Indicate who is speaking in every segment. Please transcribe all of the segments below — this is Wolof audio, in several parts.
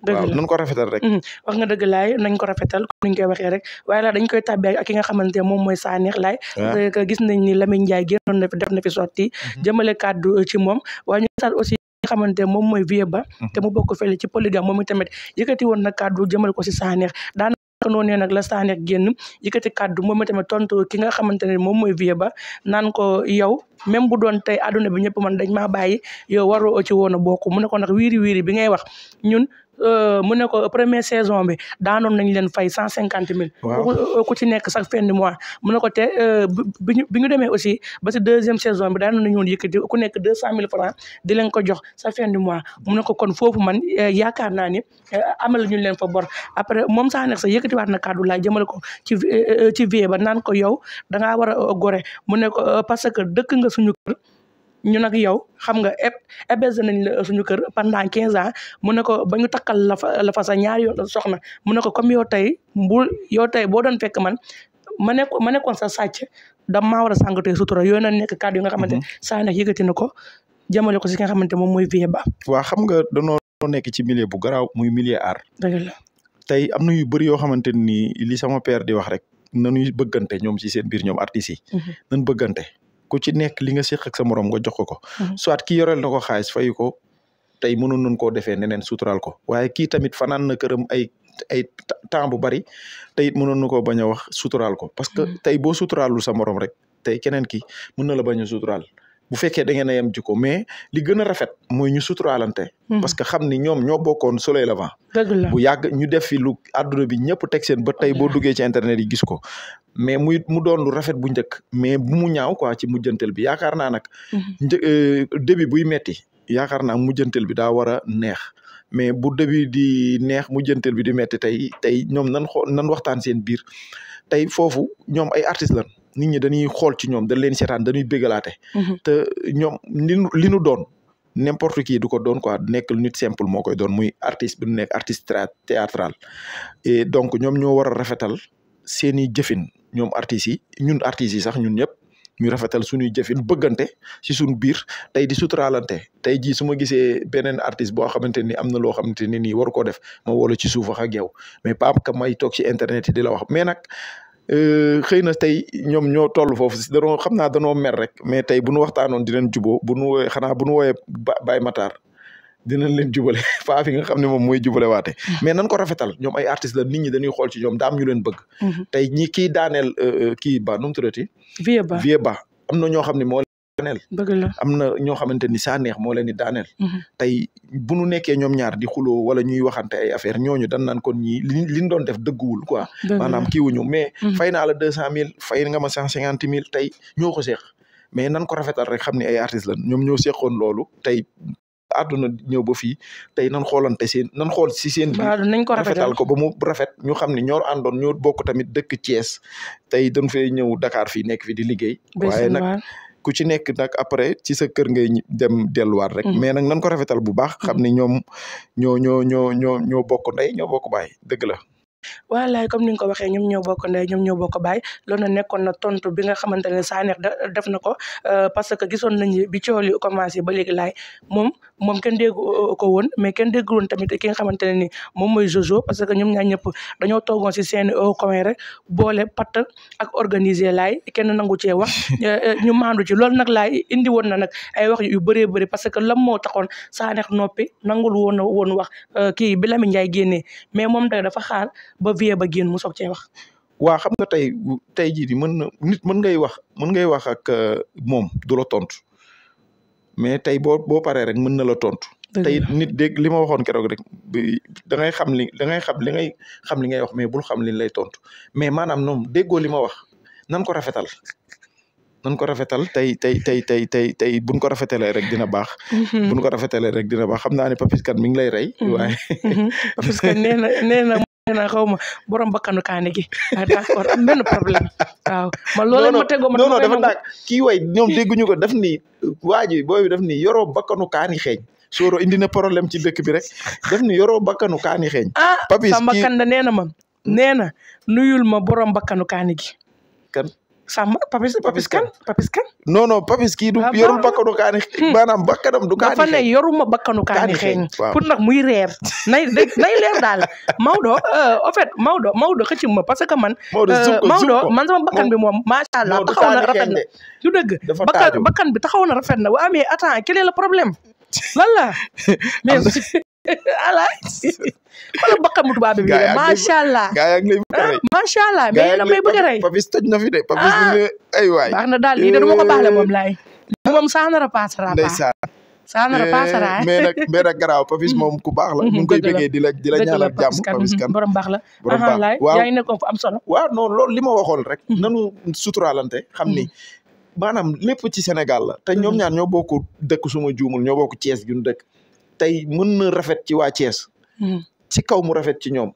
Speaker 1: waaw nañ ko rafetal rek mm-hmm. wax nga dëgg laay nañ ko rafetal comme ni ñu koy waxee rek waaye laa dañ koy tàbbi ak ki nga xamante ne moom mooy Sanekh laay ah. parce que ni Lamine Ndiaye génnoon na fi def na fi sorti mm-hmm. jëmale kàddu euh, ci moom waaye ñu saat aussi ki nga xamante moom mooy Vieux Ba mm-hmm. te mu bokk fële ci polygame moom itamit yëkkati woon na kàddu jëmal ko si Sanekh daanaka noonu nag la Sanekh génn yëkkati kàddu moom itamit tontu ki nga xamante ne moom mooy Vieux Ba naan ko yow même bu doon tey àdduna bi ñëpp man dañ maa bàyyi yow waroo ci woon a bokk mu ne ko nag wiiri wiiri bi ngay wax ñun Euh, mu ne ko première saison bi daanoon nañ leen fay cent cinquante mille euh, ku ci nekk chaque fin de mois mu ne ko te euh, bi ñu bi ñu demee aussi ba si deuxième saison bi daanoon nañu woon yëkkati ku nekk deux cent mille francs di leen ko jox chaque fin de mois mu ne ko kon foofu man yaakaar naa ni amal ñu leen fa bor après moom sax nag sax yëkkatiwaat na kàddu laa jëmale ko ci ci ba naan ko yow dangaa war a gore mu ne ko parce que dëkk nga suñu ñu nag yow xam nga hébergé nañ la suñu kër pendant quinze ans mu ne ko ba ñu takkal la fa la fa sa ñaari soxna mu ne ko comme yow tey bu yow tey boo doon fekk man ma nekk ma nekkoon sa sàcc da maa war a sàng tey sutura yooyu na nekk kàddu yi nga xamante ne mhm. saa nag yëkkati na ko jëmale ko si ki nga xamante moom mooy vie ba
Speaker 2: waa xam nga danoo nekk ci milieu bu garaaw muy milieu art dëgg tey am na yu bëri yoo xamante ni li sama père di wax rek nañuy bëggante ñoom si seen biir ñoom artistes yi mhm. nañ bëggante ku ci nekk li nga séq sa morom nga jox ko ko mhm. soit ki yoreel na ko xaalis fayu ko tey mënoon nañ koo defee neneen sutural ko waaye kii tamit fanaan na këram ay ay temps bu bari te it mënoon na koo bañ a wax sutural ko parce que mhm. tey boo suturalul sa morom rek tey keneen ki mun na la bañ a suturaal bu fekkee da ngeen a yem jikko mais li gën a rafet mooy ñu suturaalante hmm. parce que xam ni ñoom ñoo bokkoon soleil levant bu yàgg ñu def fi lu àdduna bi ñëpp teg seen ba tey boo duggee ci internet yi gis ko mais muy mu doon lu rafet bu njëkk mais mu ñaaw quoi ci mujjantel bi yaakaar naa nag hmm. euh, début buy metti yaakaar naa mujjantel bi daa war a neex mais bu début di neex mujjantel bi di metti tey tey ñoom nan xoo nan waxtaan seen biir tey foofu ñoom ay artistes lan nit ñi dañuy xool ci ñoom dañ leen seetaan dañuy bégalaate mhm. te ñoom li nu li nu doon n'importe qui du ko doon ko nekk nit simple moo koy doon muy artiste bu nekk artiste théâtral et donc ñoom ñoo war a rafetal seeni jëfin ñoom artistes yi ñun artistes yi sax ñun ñëpp ñu rafetal suñuy jëfin bëggante ci suñu biir tey di suturaalante tey jii su ma gisee beneen artiste boo xamante ni am na loo xamante ni nii waru ko def ma wala ci suuf wax ak yow mais pas que may toog ci internet yi di la wax mais nag Euh, xëy na tey ñoom ñoo toll foofu si danoo xam naa danoo mer rek mais tey bu nu waxtaanoon dinañ juboo bu nu wooyee xanaa bu nu wooyee Baye Matar dinañ leen jubale faa fi nga xam ne moom mooy jubale waate mm-hmm. mais nan ko rafetal ñoom ay artistes la nit ñi dañuy xool ci ñoom daam ñu leen mm-hmm. tey ñi kii daaneel euh, euh, kii ba nu mu tuddati. Vieux Ba Vieux Ba am am na ñoo xamante ni saa neex moo leen di daaneel mhm. tey bu nu ñoom ñaar di xuloo wala ñuy waxante ay affaire ñooñu dan naan kon ñii li liñ doon def dëgguwul quoi maanaam ñu mais mhm. fay naa la deux cent mille fay nga ma cent cinquante mille tey ñoo ko seex mais nan ko rafetal rek xam ne ay artistes lan ñoom ñoo seqoon loolu tey àdduna ñëw ba fii tey nan te seen nan xool si seen bi ko rafetal ko ba mu rafet ñu xam ne ñoo àndoon ñoo bokk tamit dëkk Thiès tey dañ fay ñëw Dakar fii nekk fi di liggéey ku ci nekk nag après ci sa kër ngay dem delluwaat rek mm-hmm. mais nag nan ko rafetal bu baax xam mm-hmm. ne ñoom ñoo ñoo ñoo ñoo ñoo bokk ndey ñoo bokk baay dëgg la
Speaker 1: wallaay comme ni nga ko waxee ñoom ñoo bokk ndey ñoom ñoo bokk baay loolu na nekkoon na tontu bi nga xamante ne Sanex def na ko euh, parce que gisoon nañu bi cool yi commencé ba léegi laay moom moom kenn dégg uh, uh, ko woon mais kenn déggul woon tamit ki nga xamante ne ni moom mooy Jojo parce que ñoom ñaar ñëpp dañoo toogo si seen commun rek boole patt ak organiser laay kenn nangu cee wax eh, eh, ñu maandu ci loolu nag laay indi woon na nag ay wax yu bëree bëri parce que lam moo taxoon Sanekh noppi nangul woon na woon wax eh, kii bi Lamine Ndiaye génnee mais moom da dafa xaar ba vie ba génn mu soog cee wax
Speaker 2: waa xam nga tey tey jii di mën na nit mën ngay wax mën ngay wax ak moom du la tontu mais tey boo boo paree rek mën na la tontu. tey nit dégg li ma waxoon keroog rek da ngay xam li da ngay xam li ngay xam li ngay wax mais bul xam li lay tontu mais maanaam ñoom déggoo li ma wax nan ko rafetal. nan ko rafetal tey tey tey tey tey tey buñ ko rafetalee rek dina baax. Mm-hmm. buñ ko rafetalee rek dina baax xam naa ne papis kat mi ngi lay rey. Mm-hmm. waaye.
Speaker 1: Mm-hmm. papis nee naa xaw ma borom bakkanu kaane gi ah, d'accord am benn problème waaw man loolu ma tegoo ma non non dafa naag kii way ñoom dégguñu ko daf ni waa ji
Speaker 2: booy bi daf ni yoroo bakkanu kaani xeeñ sóoro indi na problème ci dëkk bi rek daf ni yoroo bakkanu
Speaker 1: kaani xeeñ a ah, Papis Samba Kanda nee na ma nee na nuyul ma borom bakkanu kaani gi kan sàmm papis papis kan papis kan. non non papis kii du ah, yorul bakkanu kaani hmm. maanaam bakkanam du kaani. dafa ne yoruma bakkanu kaani xeeñ pour nag muy reer nay leer daal Maodo euh, en fait Maodo Maodo xëcc ma parce que man. Maodo euh, man sama bakkan bi moom macha allah taxaw na rafet na. du bakkan bi taxaw na rafet na waaw mais attends quel est le problème lan alaaj wala mboqamu tubaab bi de macha allah. gaa yaa a rey ah, macha allah mais yéen a may bëgg a rey. Papis toj na fi de ah. ay waay. baax na daal lii de du ma ko baaxle moom laay. Eh. moom saanara paasara baax ndeysaan. saanara eh, paasara eh. mais nag
Speaker 2: mais garaaw Papis moom ku baax la. mu mm-hmm. koy bëggee di la di la ñaanal jàmm Papis kan borom baax la. borom baax waaw nekkoon fu am solo. waaw non loolu li ma waxoon rek. Mm-hmm. nanu suturaalante xam ni. Mm-hmm. maanaam lépp ci Sénégal la te ñoom ñaan ñoo boku dëkk suma juumul ñoo bokk Thiès gi ñu dëkk tey mën na rafet ci waa Thiès. si hmm. kaw mu rafet ci ñoom.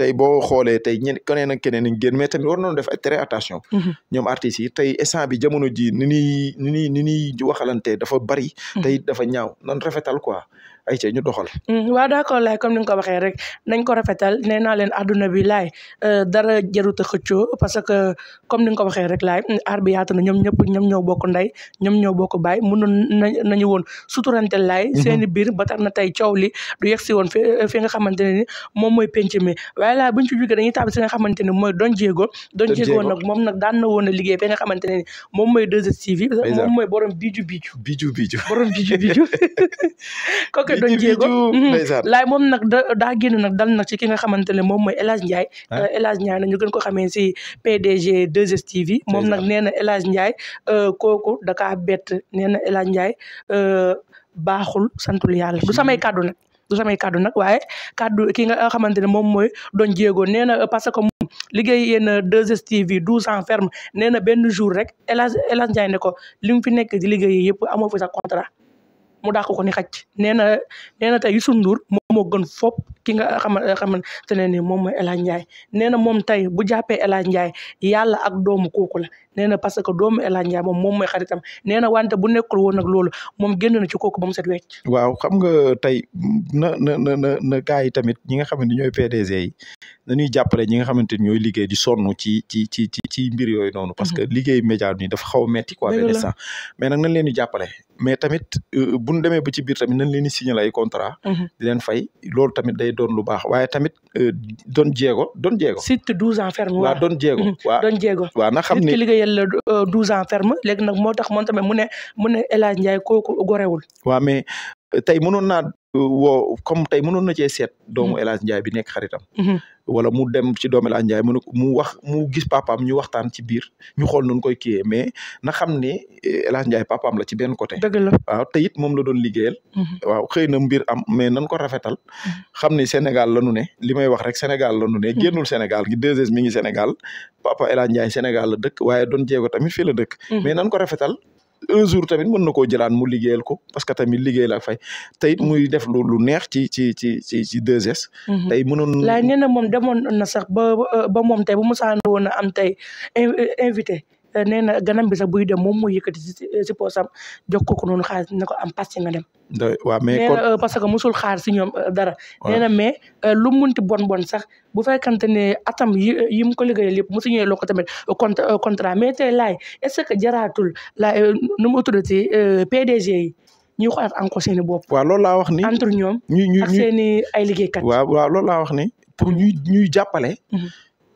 Speaker 2: tey boo xoolee tey ñenn keneen ak keneen nañ génn mais tamit war nañu def attention. Hmm. ñoom artistes yi tey instant bi jamono ji ni ñuy ni ñuy ni ñuy waxalante dafa bari. Hmm. tey dafa ñaaw nan rafetal quoi. ay ci ñu doxal
Speaker 1: mm, waaw d'accord laay comme ni nga ko rek nañ ko rafetal nee naa leen adduna bi laay euh, dara jarut a xëccoo parce que comme ni nga ko waxee rek laay mm, aar bi yaatu na ñoom ñëpp ñoom ñoo bokk ndey ñoom ñoo bokk baay mënoon na nañu woon suturante laay mhm. seen i biir ba tax na tey coow li du yegg si woon fi euh, fi nga xamante ne ni moom mooy penc mi waaye laay buñ ci jógee dañuy tàbbi si nga xamante ne mooy Don Diego Don Diego nag moom nag daan na woon a liggéey fi nga xamante ne moom mooy 2STV moom mooy borom biiju biiju biiju biiju biiju biiju kooku doon jéego mhm. laay moom nag da daa génn nag dal nag ci ki nga xamante ne moom mooy El Hadj Ndiaye ah. euh, El Hadj Ndiaye nag ñu gën ko xamee si PDG 2STV moom nag nee na El Hadj Ndiaye euh, kooku dakaa bett nee na El Hadj Ndiaye euh, baaxul santul yàlla du samay kàddu nag du samay kàddu nag waaye kàddu ki nga xamante ne moom mooy doon jéego nee na parce que moom liggéey yéen 2STV douze ans ferme nee na benn jour rek El Hadj El Hadj Ndiaye ne ko li mu fi nekk di liggéey yëpp amoo fi sa contrat mu dàq ko ni xaj nee na nee na tey Youssou Ndour moom moo gën fopp ki nga xama xamante ne ni moom mooy El Ndiaye nee na moom tey bu jàppee El Hadj Ndiaye yàlla ak doomu kooku la nee parce que doomu El moom moom xaritam nee na wante bu nekkul woon moom génn na ci ba mu set
Speaker 2: waaw xam na na na na yi tamit ñi nga xam ne ñooy PDG yi ñi nga xamante ni ñooy liggéey di sonn ci ci ci ci ci mbir yooyu noonu. parce que mhm. liggéey média bi dafa xaw a metti quoi. benn instant mais nag nañ leen di jàppale. mais tamit euh, bu ñu demee ba ci biir tamit nañ leen di signaler contrat. Mhm. di fay loolu tamit day doon lu baax waaye tamit euh, doon jéego doon jéego.
Speaker 1: surtout douze ans ferme. waaw doon mhm. na xam ni tëj la euh, douze ferme léegi nag moo tax moom tamit mu ne mu ne El Hadj Ndiaye kooku gorewul
Speaker 2: waaw mais tey mënoon naa woo comme tey mënoon na cee seet doomu mm-hmm. El Hadj Ndiaye bi nekk xaritam mm-hmm. wala mu dem ci doomu El mu ne mu wax mu gis papaam ñu waxtaan ci biir ñu xool noonu koy kiyee mais na xam ne eh, El Hadj Ndiaye la ci benn côté dëgg la waaw te it la doon liggéeyal mm-hmm. waaw xëy na mbir am mais nan ko rafetal xam ne Sénégal la nu ne li may wax rek Sénégal la nu ne génnul Sénégal gi deux mi ngi Sénégal papa El Hadj Ndiaye Sénégal la dëkk waaye doon jéego tamit fii la dëkk mais nan rafetal un jour tamit mun na koo jëlaat mu liggéeyal ko parce que tamit liggéey la fay te muy def lu lu neex ci ci ci ci ci 2S. Mhm. tey mënoon laay
Speaker 1: nee na moom demoon na sax ba ba moom tey bu mu saan woon a am tey invité. nee na ganam bi sax buy dem moom moo yëkkati si eh, si poosam jox ko ko noonu xaalis ne ko am pàcc nga dem.
Speaker 2: waaw mais kon euh,
Speaker 1: parce que musul xaar si ñoom euh, dara. nee na mais euh, lu munti bon bon sax bu fekkante ne atam yi yi mu ko liggéeyal yëpp musu ñëwee loo ko tamit contrat contrat mais tey laay est ce que jaraatul laay nu mu autorité PDG yi. ñuy xoolaat encore seen i bopp. waaw loolu laa wax ni entre ñoom. ñuy ñuy ak seen i ay liggéeykat. waaw waaw
Speaker 2: loolu laa wax ni pour ñuy ñuy jàppale. Mhm.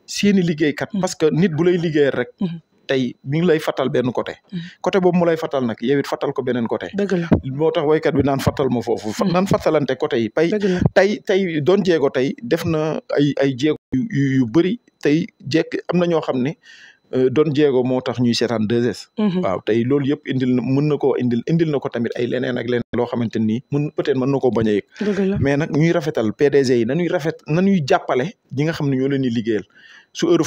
Speaker 2: seen i liggéeykat. Mhm. parce que nit bu lay liggéeyal rek. Mhm. tey mi ngi lay fatal benn côté. Mm. côté boobu mu lay fatal nag yow it fatal ko beneen côté. dëgg la moo tax waykat bi naan fatal ma foofu. Mm. naan fatalante côté yi. pay tey tey doon jéego tey def na ay ay jéego yu yu bëri tey jekk am na xam ne. Euh, doon jéego moo tax ñuy seetaan 2S. Mhm. waaw tey loolu yëpp indil na mën na koo indil indil na ko tamit ay leneen ak leneen loo xamante ni mën peut-être na koo bañ a yëg. mais nag ñuy rafetal PDG yi nañuy rafet nañuy jàppale ñi nga xam ne ñoo leen di liggéeyal euh,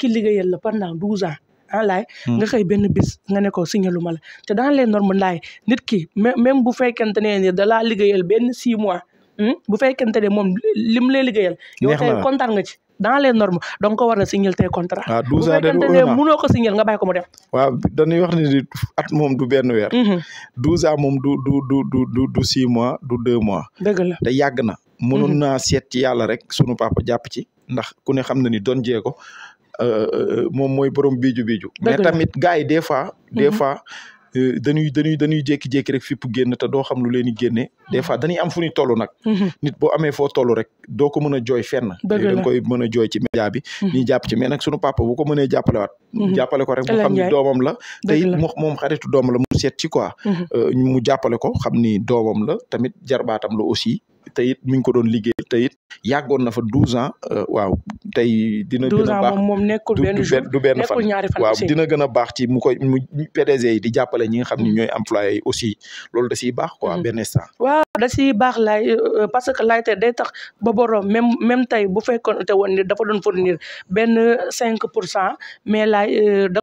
Speaker 1: ki liggéeyal la pendant 12 ans. ah laay hmm. nga xëy benn bis nga ne ko signalu ma la te dans les normes laay nit ki même bu fekkente ne ni dalaa liggéeyal benn six mois Hmm? bu fekkente ne moom lim lay liggéeyal. yow tey kontaan nga ci. dans les normes donc ko war a signer tey contrat. waaw ah, douze ans de bu fekkente ne mënoo ko signer nga bàyyi ko mu dem.
Speaker 2: waaw dañuy wax ni du benn weer. Hmm. douze ans moom du du du du du six mois du deux mois. dëgg la te yàgg na. mënoon hmm. naa seet ci yàlla rek sunu papa jàpp ci ndax ku ne xam na ni doon jéego euh, euh, moom mooy borom biiju biiju. mais tamit gars yi des fois. Euh, dañuy dañuy dañuy jékki-jékki rek fipp génn te doo xam lu leen di génne des fois dañuy am fu ñu toll nag mhm. nit boo amee foo toll rek doo ko mën a jooy fenn da nga koy mën a jooy ci média bi mhm. ñuy jàpp ci mais nag sunu papa bu ko mënee jàppale waat mhm. mu xam la te it mu la mu seet ci quoi euh, mu jàppale ko xam ni doomam la tamit jarbaatam la aussi te mi ko doon liggéey te it yàggoon fa douze ans euh, waaw tey dina gën a baax moom nekkul benn jour du benn fan waaw dina gën a baax ci mu koy mu PDG di jàppale ñi nga xam ni mm. ñooy employé yi aussi loolu da siy baax quoi mm. benn instant
Speaker 1: waaw da baax laay euh, euh, parce que laay te day tax ba borom même tey bu fekkoon te woon ni dafa doon fournir benn cinq pour cent mais laay euh,